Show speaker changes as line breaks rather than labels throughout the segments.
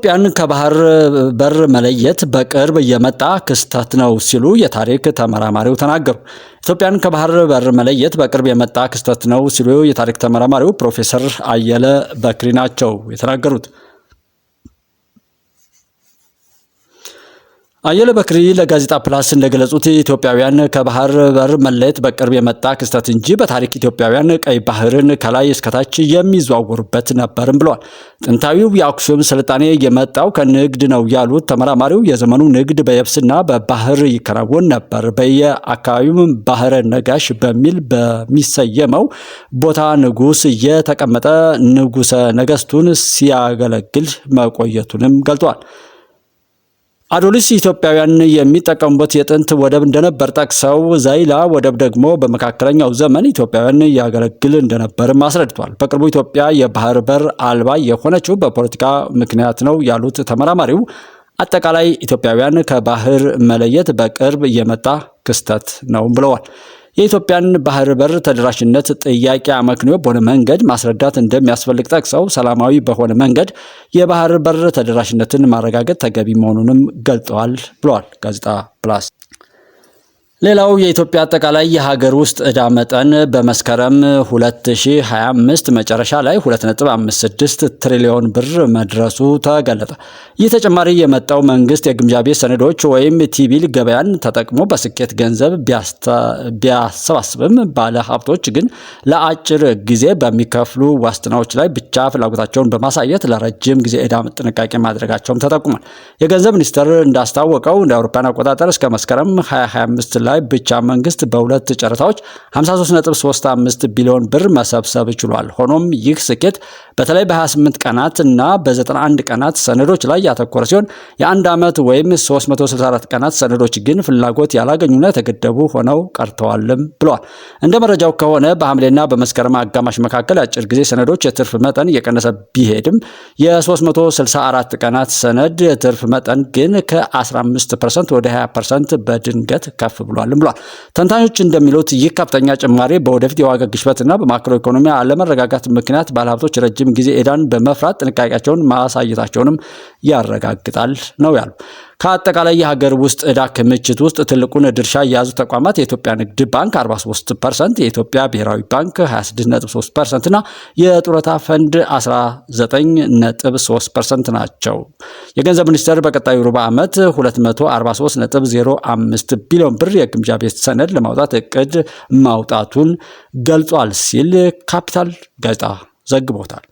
ኢትዮጵያን ከባህር በር መለየት በቅርብ የመጣ ክስተት ነው ሲሉ የታሪክ ተመራማሪው ተናገሩ። ኢትዮጵያን ከባህር በር መለየት በቅርብ የመጣ ክስተት ነው ሲሉ የታሪክ ተመራማሪው ፕሮፌሰር አየለ በክሪ ናቸው የተናገሩት። አየለ በክሪ ለጋዜጣ ፕላስ እንደገለጹት ኢትዮጵያውያን ከባህር በር መለየት በቅርብ የመጣ ክስተት እንጂ በታሪክ ኢትዮጵያውያን ቀይ ባህርን ከላይ እስከታች የሚዘዋወሩበት ነበርም ብለዋል። ጥንታዊው የአክሱም ስልጣኔ የመጣው ከንግድ ነው ያሉት ተመራማሪው የዘመኑ ንግድ በየብስና በባህር ይከናወን ነበር። በየአካባቢውም ባህረ ነጋሽ በሚል በሚሰየመው ቦታ ንጉስ የተቀመጠ ንጉሰ ነገስቱን ሲያገለግል መቆየቱንም ገልጧል። አዶሊስ ኢትዮጵያውያን የሚጠቀሙበት የጥንት ወደብ እንደነበር ጠቅሰው ዛይላ ወደብ ደግሞ በመካከለኛው ዘመን ኢትዮጵያውያን ያገለግል እንደነበርም አስረድቷል። በቅርቡ ኢትዮጵያ የባህር በር አልባ የሆነችው በፖለቲካ ምክንያት ነው ያሉት ተመራማሪው አጠቃላይ ኢትዮጵያውያን ከባህር መለየት በቅርብ የመጣ ክስተት ነው ብለዋል። የኢትዮጵያን ባህር በር ተደራሽነት ጥያቄ አመክንዮ በሆነ መንገድ ማስረዳት እንደሚያስፈልግ ጠቅሰው ሰላማዊ በሆነ መንገድ የባህር በር ተደራሽነትን ማረጋገጥ ተገቢ መሆኑንም ገልጠዋል ብለዋል ጋዜጣ ፕላስ። ሌላው የኢትዮጵያ አጠቃላይ የሀገር ውስጥ ዕዳ መጠን በመስከረም 2025 መጨረሻ ላይ 2.56 ትሪሊዮን ብር መድረሱ ተገለጠ። ይህ ተጨማሪ የመጣው መንግስት የግምጃ ቤት ሰነዶች ወይም ቲቢል ገበያን ተጠቅሞ በስኬት ገንዘብ ቢያሰባስብም ባለ ሀብቶች ግን ለአጭር ጊዜ በሚከፍሉ ዋስትናዎች ላይ ብቻ ፍላጎታቸውን በማሳየት ለረጅም ጊዜ ዕዳ ጥንቃቄ ማድረጋቸውም ተጠቁሟል። የገንዘብ ሚኒስቴር እንዳስታወቀው እንደ አውሮፓውያን አቆጣጠር እስከ መስከረም 2025 ላይ ብቻ መንግስት በሁለት ጨረታዎች 53.35 ቢሊዮን ብር መሰብሰብ ችሏል። ሆኖም ይህ ስኬት በተለይ በ28 ቀናት እና በ91 ቀናት ሰነዶች ላይ ያተኮረ ሲሆን የአንድ ዓመት ወይም 364 ቀናት ሰነዶች ግን ፍላጎት ያላገኙና የተገደቡ ሆነው ቀርተዋልም ብለዋል። እንደ መረጃው ከሆነ በሐምሌና በመስከረም አጋማሽ መካከል አጭር ጊዜ ሰነዶች የትርፍ መጠን እየቀነሰ ቢሄድም የ364 ቀናት ሰነድ የትርፍ መጠን ግን ከ15 ፐርሰንት ወደ 20 ፐርሰንት በድንገት ከፍ ብሏል። ብሏልም ብሏል። ተንታኞች እንደሚሉት ይህ ከፍተኛ ጭማሪ በወደፊት የዋጋ ግሽበትና በማክሮ ኢኮኖሚ አለመረጋጋት ምክንያት ባለሀብቶች ረጅም ጊዜ ኤዳን በመፍራት ጥንቃቄያቸውን ማሳየታቸውንም ያረጋግጣል ነው ያሉ ከአጠቃላይ የሀገር ውስጥ እዳ ክምችት ውስጥ ትልቁን ድርሻ የያዙ ተቋማት የኢትዮጵያ ንግድ ባንክ 43 ፐርሰንት፣ የኢትዮጵያ ብሔራዊ ባንክ 26.3 ፐርሰንት እና የጡረታ ፈንድ 19.3 ፐርሰንት ናቸው። የገንዘብ ሚኒስቴር በቀጣዩ ሩብ ዓመት 243.05 ቢሊዮን ብር የግምጃ ቤት ሰነድ ለማውጣት እቅድ ማውጣቱን ገልጿል ሲል ካፒታል ጋዜጣ ዘግቦታል።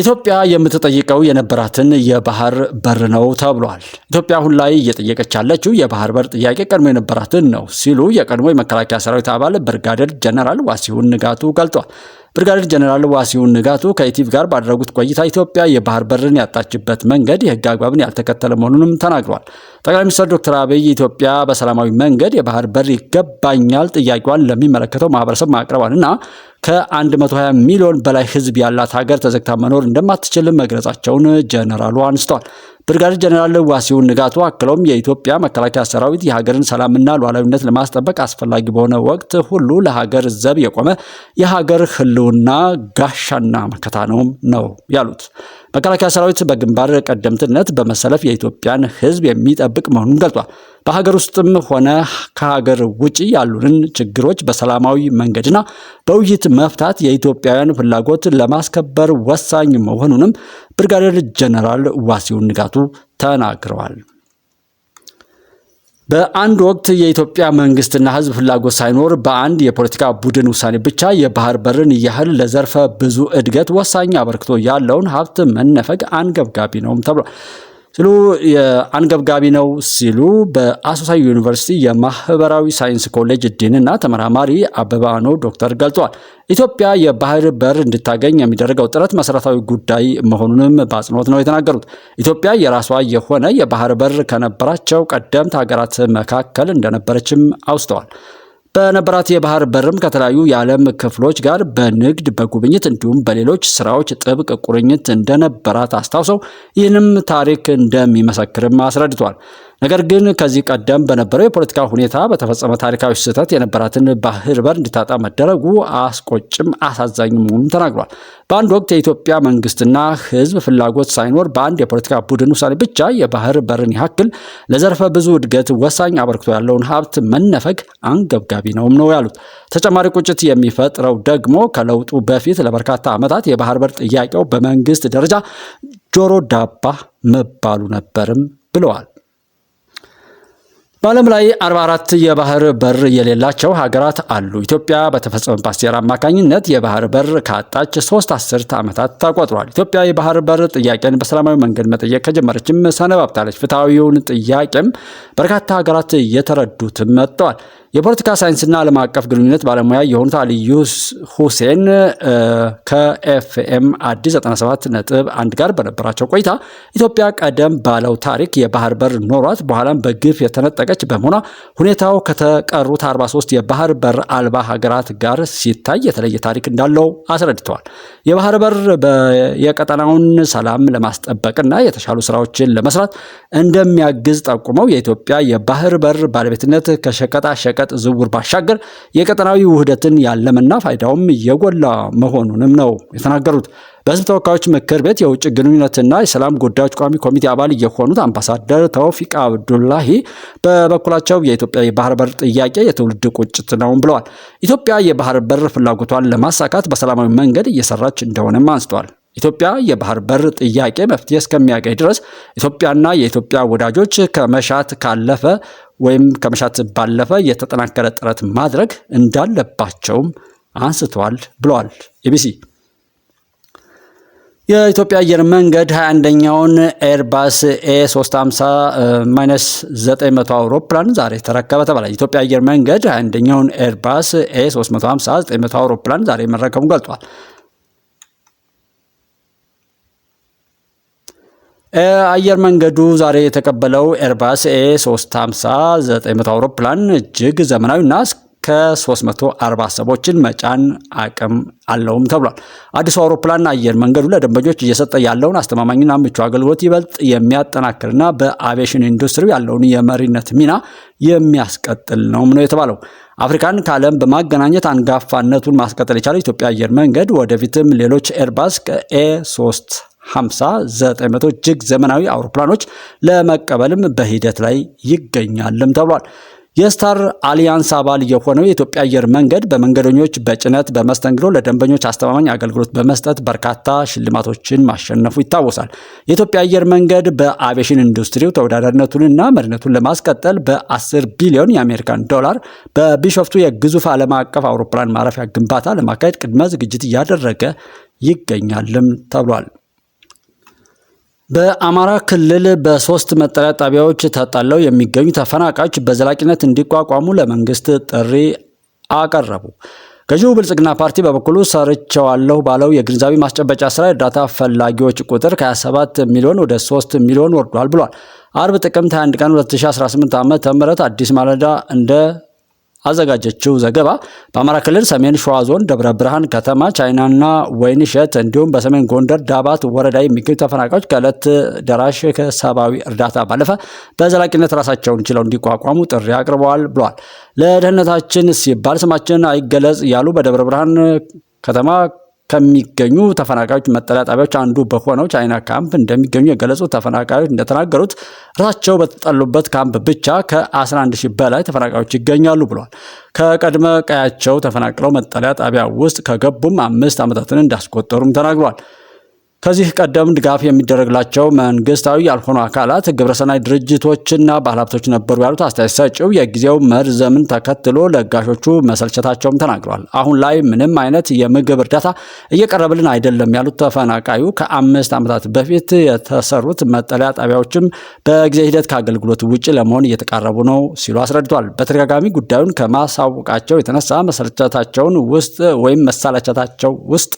ኢትዮጵያ የምትጠይቀው የነበራትን የባህር በር ነው ተብሏል። ኢትዮጵያ አሁን ላይ እየጠየቀች ያለችው የባህር በር ጥያቄ ቀድሞ የነበራትን ነው ሲሉ የቀድሞ የመከላከያ ሰራዊት አባል ብርጋደር ጀነራል ዋሲሁን ንጋቱ ገልጧል። ብርጋዴር ጀነራል ዋሲውን ንጋቱ ከኢቲቭ ጋር ባደረጉት ቆይታ ኢትዮጵያ የባህር በርን ያጣችበት መንገድ የህግ አግባብን ያልተከተለ መሆኑንም ተናግሯል። ጠቅላይ ሚኒስትር ዶክተር አብይ ኢትዮጵያ በሰላማዊ መንገድ የባህር በር ይገባኛል ጥያቄዋን ለሚመለከተው ማህበረሰብ ማቅረቧንና ከ120 ሚሊዮን በላይ ህዝብ ያላት ሀገር ተዘግታ መኖር እንደማትችል መግለጻቸውን ጀነራሉ አንስተዋል። ብርጋዴር ጀኔራል ዋሲሁን ንጋቱ አክለውም የኢትዮጵያ መከላከያ ሰራዊት የሀገርን ሰላምና ሉዓላዊነት ለማስጠበቅ አስፈላጊ በሆነ ወቅት ሁሉ ለሀገር ዘብ የቆመ የሀገር ህልውና ጋሻና መከታ ነውም ነው ያሉት መከላከያ ሰራዊት በግንባር ቀደምትነት በመሰለፍ የኢትዮጵያን ህዝብ የሚጠብቅ መሆኑን ገልጿል። በሀገር ውስጥም ሆነ ከሀገር ውጭ ያሉንን ችግሮች በሰላማዊ መንገድና በውይይት መፍታት የኢትዮጵያውያን ፍላጎት ለማስከበር ወሳኝ መሆኑንም ብርጋዴር ጀነራል ዋሲውን ንጋቱ ተናግረዋል። በአንድ ወቅት የኢትዮጵያ መንግስትና ሕዝብ ፍላጎት ሳይኖር በአንድ የፖለቲካ ቡድን ውሳኔ ብቻ የባህር በርን ያህል ለዘርፈ ብዙ እድገት ወሳኝ አበርክቶ ያለውን ሀብት መነፈግ አንገብጋቢ ነውም ተብሏል። ሲሉ አንገብጋቢ ነው ሲሉ በአሶሳ ዩኒቨርሲቲ የማህበራዊ ሳይንስ ኮሌጅ ዲንና ተመራማሪ አበባኖ ዶክተር ገልጠዋል። ኢትዮጵያ የባህር በር እንድታገኝ የሚደረገው ጥረት መሰረታዊ ጉዳይ መሆኑንም በአጽንኦት ነው የተናገሩት። ኢትዮጵያ የራሷ የሆነ የባህር በር ከነበራቸው ቀደምት ሀገራት መካከል እንደነበረችም አውስተዋል። በነበራት የባህር በርም ከተለያዩ የዓለም ክፍሎች ጋር በንግድ በጉብኝት እንዲሁም በሌሎች ስራዎች ጥብቅ ቁርኝት እንደነበራት አስታውሰው ይህንም ታሪክ እንደሚመሰክርም አስረድቷል። ነገር ግን ከዚህ ቀደም በነበረው የፖለቲካ ሁኔታ በተፈጸመ ታሪካዊ ስህተት የነበራትን ባህር በር እንዲታጣ መደረጉ አስቆጭም አሳዛኝ መሆኑን ተናግሯል። በአንድ ወቅት የኢትዮጵያ መንግስትና ህዝብ ፍላጎት ሳይኖር በአንድ የፖለቲካ ቡድን ውሳኔ ብቻ የባህር በርን ያክል ለዘርፈ ብዙ እድገት ወሳኝ አበርክቶ ያለውን ሀብት መነፈግ አንገብጋቢ ነውም ነው ያሉት። ተጨማሪ ቁጭት የሚፈጥረው ደግሞ ከለውጡ በፊት ለበርካታ ዓመታት የባህር በር ጥያቄው በመንግስት ደረጃ ጆሮ ዳባ መባሉ ነበርም ብለዋል። በዓለም ላይ 44 የባህር በር የሌላቸው ሀገራት አሉ። ኢትዮጵያ በተፈጸመባት ሴራ አማካኝነት የባህር በር ካጣች ሶስት አስርት ዓመታት ተቆጥሯል። ኢትዮጵያ የባህር በር ጥያቄን በሰላማዊ መንገድ መጠየቅ ከጀመረችም ሰነባብታለች። ፍትሐዊውን ጥያቄም በርካታ ሀገራት እየተረዱት መጥተዋል። የፖለቲካ ሳይንስና ዓለም አቀፍ ግንኙነት ባለሙያ የሆኑት አልዩ ሁሴን ከኤፍኤም አዲስ 97 ነጥብ አንድ ጋር በነበራቸው ቆይታ ኢትዮጵያ ቀደም ባለው ታሪክ የባህር በር ኖሯት በኋላም በግፍ የተነጠቀች በመሆኗ ሁኔታው ከተቀሩት 43 የባህር በር አልባ ሀገራት ጋር ሲታይ የተለየ ታሪክ እንዳለው አስረድተዋል። የባህር በር የቀጠናውን ሰላም ለማስጠበቅና የተሻሉ ስራዎችን ለመስራት እንደሚያግዝ ጠቁመው የኢትዮጵያ የባህር በር ባለቤትነት ከሸቀጣሸቀ የሸቀጥ ዝውውር ባሻገር የቀጠናዊ ውህደትን ያለመና ፋይዳውም የጎላ መሆኑንም ነው የተናገሩት። በህዝብ ተወካዮች ምክር ቤት የውጭ ግንኙነትና የሰላም ጉዳዮች ቋሚ ኮሚቴ አባል የሆኑት አምባሳደር ተውፊቅ አብዱላሂ በበኩላቸው የኢትዮጵያ የባህር በር ጥያቄ የትውልድ ቁጭት ነው ብለዋል። ኢትዮጵያ የባህር በር ፍላጎቷን ለማሳካት በሰላማዊ መንገድ እየሰራች እንደሆነም አንስተዋል። ኢትዮጵያ የባህር በር ጥያቄ መፍትሄ እስከሚያገኝ ድረስ ኢትዮጵያና የኢትዮጵያ ወዳጆች ከመሻት ካለፈ ወይም ከመሻት ባለፈ የተጠናከረ ጥረት ማድረግ እንዳለባቸውም አንስተዋል ብለዋል ኤቢሲ። የኢትዮጵያ አየር መንገድ 21ኛውን ኤርባስ ኤ350 ማይነስ 900 አውሮፕላን ዛሬ ተረከበ ተባለ። ኢትዮጵያ አየር መንገድ 21ኛውን ኤርባስ ኤ350 900 አውሮፕላን ዛሬ መረከቡን ገልጿል። አየር መንገዱ ዛሬ የተቀበለው ኤርባስ ኤ 350 900 አውሮፕላን እጅግ ዘመናዊና ከ340 ሰዎችን መጫን አቅም አለውም ተብሏል። አዲሱ አውሮፕላን አየር መንገዱ ለደንበኞች እየሰጠ ያለውን አስተማማኝና ምቹ አገልግሎት ይበልጥ የሚያጠናክርና በአቪዬሽን ኢንዱስትሪ ያለውን የመሪነት ሚና የሚያስቀጥል ነውም ነው የተባለው። አፍሪካን ከዓለም በማገናኘት አንጋፋነቱን ማስቀጠል የቻለው ኢትዮጵያ አየር መንገድ ወደፊትም ሌሎች ኤርባስ ከኤ 3 መቶ እጅግ ዘመናዊ አውሮፕላኖች ለመቀበልም በሂደት ላይ ይገኛልም ተብሏል። የስታር አሊያንስ አባል የሆነው የኢትዮጵያ አየር መንገድ በመንገደኞች በጭነት በመስተንግዶ ለደንበኞች አስተማማኝ አገልግሎት በመስጠት በርካታ ሽልማቶችን ማሸነፉ ይታወሳል። የኢትዮጵያ አየር መንገድ በአቪዬሽን ኢንዱስትሪው ተወዳዳሪነቱንና መሪነቱን ለማስቀጠል በ10 ቢሊዮን የአሜሪካን ዶላር በቢሾፍቱ የግዙፍ ዓለም አቀፍ አውሮፕላን ማረፊያ ግንባታ ለማካሄድ ቅድመ ዝግጅት እያደረገ ይገኛልም ተብሏል። በአማራ ክልል በሶስት መጠለያ ጣቢያዎች ተጠለው የሚገኙ ተፈናቃዮች በዘላቂነት እንዲቋቋሙ ለመንግስት ጥሪ አቀረቡ። ገዢው ብልጽግና ፓርቲ በበኩሉ ሰርቸዋለሁ ባለው የግንዛቤ ማስጨበጫ ስራ እርዳታ ፈላጊዎች ቁጥር ከ27 ሚሊዮን ወደ 3 ሚሊዮን ወርዷል ብሏል። አርብ ጥቅምት 21 ቀን 2018 ዓ.ም አዲስ ማለዳ እንደ አዘጋጀችው ዘገባ በአማራ ክልል ሰሜን ሸዋ ዞን ደብረ ብርሃን ከተማ ቻይናና ወይንሸት እንዲሁም በሰሜን ጎንደር ዳባት ወረዳ የሚገኙ ተፈናቃዮች ከዕለት ደራሽ ከሰብአዊ እርዳታ ባለፈ በዘላቂነት ራሳቸውን ችለው እንዲቋቋሙ ጥሪ አቅርበዋል ብሏል። ለደህንነታችን ሲባል ስማችን አይገለጽ ያሉ በደብረ ብርሃን ከተማ ከሚገኙ ተፈናቃዮች መጠለያ ጣቢያዎች አንዱ በሆነው ቻይና ካምፕ እንደሚገኙ የገለጹ ተፈናቃዮች እንደተናገሩት ራሳቸው በተጠሉበት ካምፕ ብቻ ከ11 ሺህ በላይ ተፈናቃዮች ይገኛሉ ብለዋል። ከቀድመ ቀያቸው ተፈናቅለው መጠለያ ጣቢያ ውስጥ ከገቡም አምስት ዓመታትን እንዳስቆጠሩም ተናግሯል። ከዚህ ቀደም ድጋፍ የሚደረግላቸው መንግስታዊ ያልሆኑ አካላት ግብረሰናይ ድርጅቶችና ባለሀብቶች ነበሩ ያሉት አስተያየት ሰጪው የጊዜው መርዘምን ተከትሎ ለጋሾቹ መሰልቸታቸውም ተናግረዋል። አሁን ላይ ምንም አይነት የምግብ እርዳታ እየቀረበልን አይደለም ያሉት ተፈናቃዩ ከአምስት ዓመታት በፊት የተሰሩት መጠለያ ጣቢያዎችም በጊዜ ሂደት ከአገልግሎት ውጭ ለመሆን እየተቃረቡ ነው ሲሉ አስረድቷል። በተደጋጋሚ ጉዳዩን ከማሳወቃቸው የተነሳ መሰልቸታቸውን ውስጥ ወይም መሳለቸታቸው ውስጥ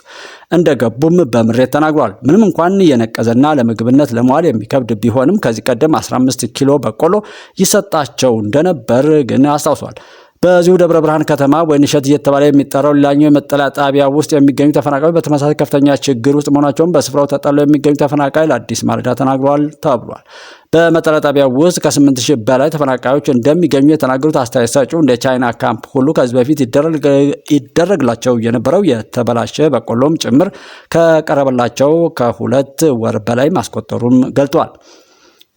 እንደገቡም በምሬት ተናግሯል። ተናግረዋል። ምንም እንኳን የነቀዘና ለምግብነት ለመዋል የሚከብድ ቢሆንም ከዚህ ቀደም 15 ኪሎ በቆሎ ይሰጣቸው እንደነበር ግን አስታውሷል። በዚሁ ደብረ ብርሃን ከተማ ወይንሸት እየተባለ የሚጠራው ሌላኛው የመጠለያ ጣቢያ ውስጥ የሚገኙ ተፈናቃዮች በተመሳሳይ ከፍተኛ ችግር ውስጥ መሆናቸውን በስፍራው ተጠለው የሚገኙ ተፈናቃይ ለአዲስ ማለዳ ተናግሯል ተብሏል። በመጠለያ ጣቢያ ውስጥ ከ8 ሺህ በላይ ተፈናቃዮች እንደሚገኙ የተናገሩት አስተያየት ሰጪው እንደ ቻይና ካምፕ ሁሉ ከዚህ በፊት ይደረግላቸው የነበረው የተበላሸ በቆሎም ጭምር ከቀረበላቸው ከሁለት ወር በላይ ማስቆጠሩም ገልጧል።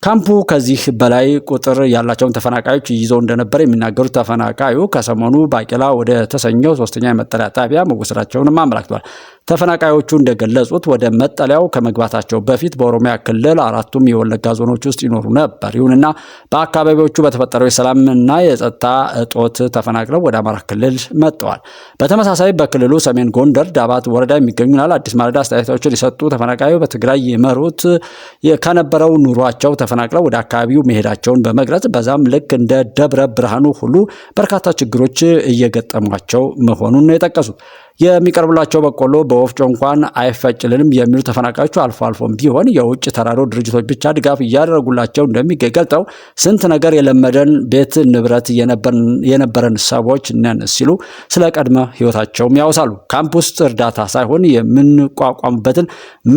ካምፑ ከዚህ በላይ ቁጥር ያላቸውን ተፈናቃዮች ይዞ እንደነበር የሚናገሩት ተፈናቃዩ ከሰሞኑ ባቄላ ወደ ተሰኘው ሶስተኛ የመጠለያ ጣቢያ መወሰዳቸውንም አመላክቷል። ተፈናቃዮቹ እንደገለጹት ወደ መጠለያው ከመግባታቸው በፊት በኦሮሚያ ክልል አራቱም የወለጋ ዞኖች ውስጥ ይኖሩ ነበር። ይሁንና በአካባቢዎቹ በተፈጠረው የሰላምና የጸጥታ እጦት ተፈናቅለው ወደ አማራ ክልል መጥተዋል። በተመሳሳይ በክልሉ ሰሜን ጎንደር ዳባት ወረዳ የሚገኙናል አዲስ ማለዳ አስተያየታቸውን የሰጡ ተፈናቃዩ በትግራይ የመሩት ከነበረው ኑሯቸው ተፈናቅለው ወደ አካባቢው መሄዳቸውን በመግለጽ በዛም ልክ እንደ ደብረ ብርሃኑ ሁሉ በርካታ ችግሮች እየገጠሟቸው መሆኑን ነው የጠቀሱት። የሚቀርብላቸው በቆሎ በወፍጮ እንኳን አይፈጭልንም የሚሉ ተፈናቃዮቹ አልፎ አልፎም ቢሆን የውጭ ተራድኦ ድርጅቶች ብቻ ድጋፍ እያደረጉላቸው እንደሚገኝ ገልጠው ስንት ነገር የለመደን ቤት ንብረት የነበረን ሰዎች ነን ሲሉ ስለ ቀድመ ህይወታቸውም ያወሳሉ። ካምፕ ውስጥ እርዳታ ሳይሆን የምንቋቋምበትን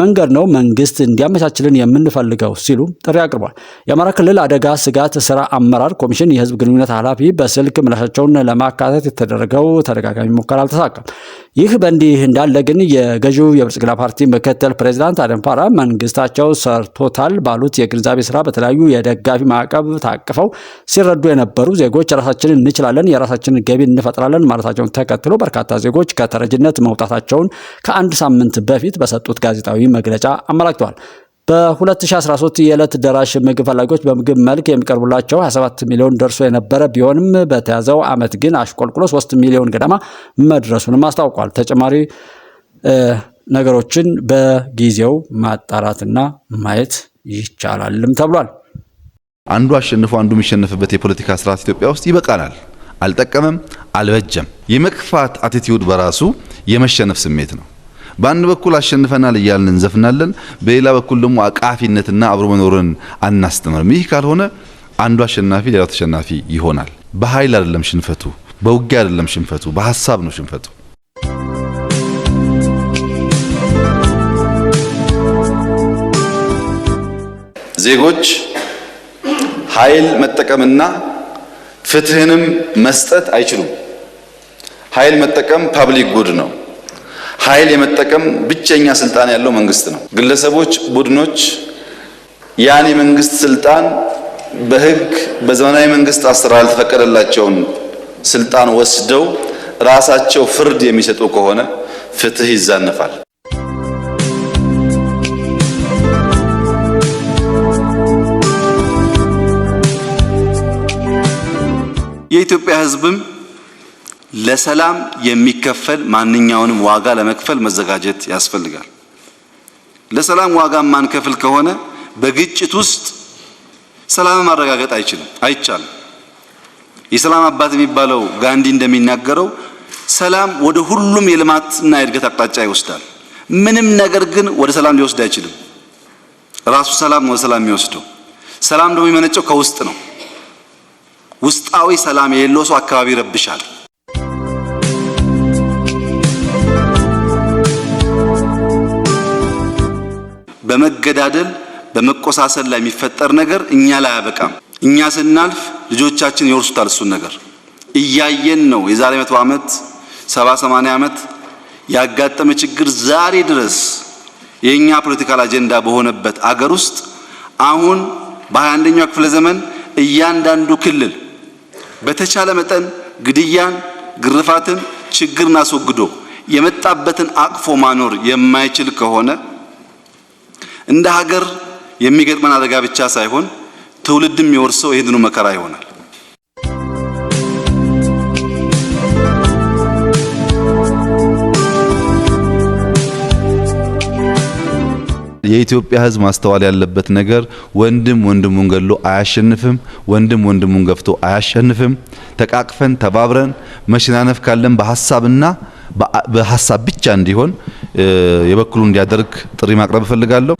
መንገድ ነው መንግስት እንዲያመቻችልን የምንፈልገው ሲሉ ጥሪ አቅርቧል። የአማራ ክልል አደጋ ስጋት ስራ አመራር ኮሚሽን የህዝብ ግንኙነት ኃላፊ በስልክ ምላሻቸውን ለማካተት የተደረገው ተደጋጋሚ ሙከራ አልተሳካም። ይህ በእንዲህ እንዳለ ግን የገዢው የብልጽግና ፓርቲ ምክትል ፕሬዚዳንት አደም መንግስታቸው ሰርቶታል ባሉት የግንዛቤ ስራ በተለያዩ የደጋፊ ማዕቀብ ታቅፈው ሲረዱ የነበሩ ዜጎች ራሳችንን እንችላለን፣ የራሳችንን ገቢ እንፈጥራለን ማለታቸውን ተከትሎ በርካታ ዜጎች ከተረጅነት መውጣታቸውን ከአንድ ሳምንት በፊት በሰጡት ጋዜጣዊ መግለጫ አመላክተዋል። በ2013 የዕለት ደራሽ ምግብ ፈላጊዎች በምግብ መልክ የሚቀርቡላቸው 27 ሚሊዮን ደርሶ የነበረ ቢሆንም በተያዘው ዓመት ግን አሽቆልቁሎ 3 ሚሊዮን ገደማ መድረሱንም አስታውቋል። ተጨማሪ ነገሮችን በጊዜው ማጣራትና ማየት ይቻላልም ተብሏል።
አንዱ አሸንፎ አንዱ የሚሸነፍበት የፖለቲካ ስርዓት ኢትዮጵያ ውስጥ ይበቃናል። አልጠቀመም፣ አልበጀም። የመክፋት አቲቲዩድ በራሱ የመሸነፍ ስሜት ነው። በአንድ በኩል አሸንፈናል እያልን እንዘፍናለን፣ በሌላ በኩል ደግሞ አቃፊነትና አብሮ መኖርን አናስተምርም። ይህ ካልሆነ አንዱ አሸናፊ ሌላው ተሸናፊ ይሆናል። በኃይል አይደለም ሽንፈቱ፣ በውጊያ አይደለም ሽንፈቱ፣ በሀሳብ ነው ሽንፈቱ።
ዜጎች ኃይል መጠቀምና ፍትህንም መስጠት አይችሉም። ኃይል መጠቀም ፓብሊክ ጉድ ነው። ኃይል የመጠቀም ብቸኛ ስልጣን ያለው መንግስት ነው። ግለሰቦች፣ ቡድኖች ያን የመንግስት ስልጣን በህግ በዘመናዊ መንግስት አሰራር የተፈቀደላቸውን ስልጣን ወስደው ራሳቸው ፍርድ የሚሰጡ ከሆነ ፍትህ ይዛነፋል። የኢትዮጵያ ህዝብም ለሰላም የሚከፈል ማንኛውንም ዋጋ ለመክፈል መዘጋጀት ያስፈልጋል። ለሰላም ዋጋ ማንከፍል ከሆነ በግጭት ውስጥ ሰላም ማረጋገጥ አይችልም፣ አይቻልም። የሰላም አባት የሚባለው ጋንዲ እንደሚናገረው ሰላም ወደ ሁሉም የልማትና የእድገት አቅጣጫ ይወስዳል። ምንም ነገር ግን ወደ ሰላም ሊወስድ አይችልም። ራሱ ሰላም ወደ ሰላም የሚወስደው ሰላም ደግሞ የሚመነጨው ከውስጥ ነው። ውስጣዊ ሰላም የሌለው ሰው አካባቢ ይረብሻል። በመገዳደል በመቆሳሰል ላይ የሚፈጠር ነገር እኛ ላይ አያበቃም። እኛ ስናልፍ ልጆቻችን ይወርሱታል። እሱን ነገር እያየን ነው። የዛሬ መቶ ዓመት ሰባ ሰማንያ ዓመት ያጋጠመ ችግር ዛሬ ድረስ የእኛ ፖለቲካል አጀንዳ በሆነበት አገር ውስጥ አሁን በ 21 ክፍለ ዘመን እያንዳንዱ ክልል በተቻለ መጠን ግድያን፣ ግርፋትን፣ ችግርን አስወግዶ የመጣበትን አቅፎ ማኖር የማይችል ከሆነ እንደ ሀገር የሚገጥመን አደጋ ብቻ ሳይሆን ትውልድም የሚወርሰው ይህንኑ መከራ ይሆናል።
የኢትዮጵያ ሕዝብ ማስተዋል ያለበት ነገር ወንድም ወንድሙን ገሎ አያሸንፍም። ወንድም ወንድሙን ገፍቶ አያሸንፍም። ተቃቅፈን ተባብረን መሸናነፍ ካለን በሀሳብና በሀሳብ ብቻ እንዲሆን የበኩሉ እንዲያደርግ ጥሪ ማቅረብ እፈልጋለሁ።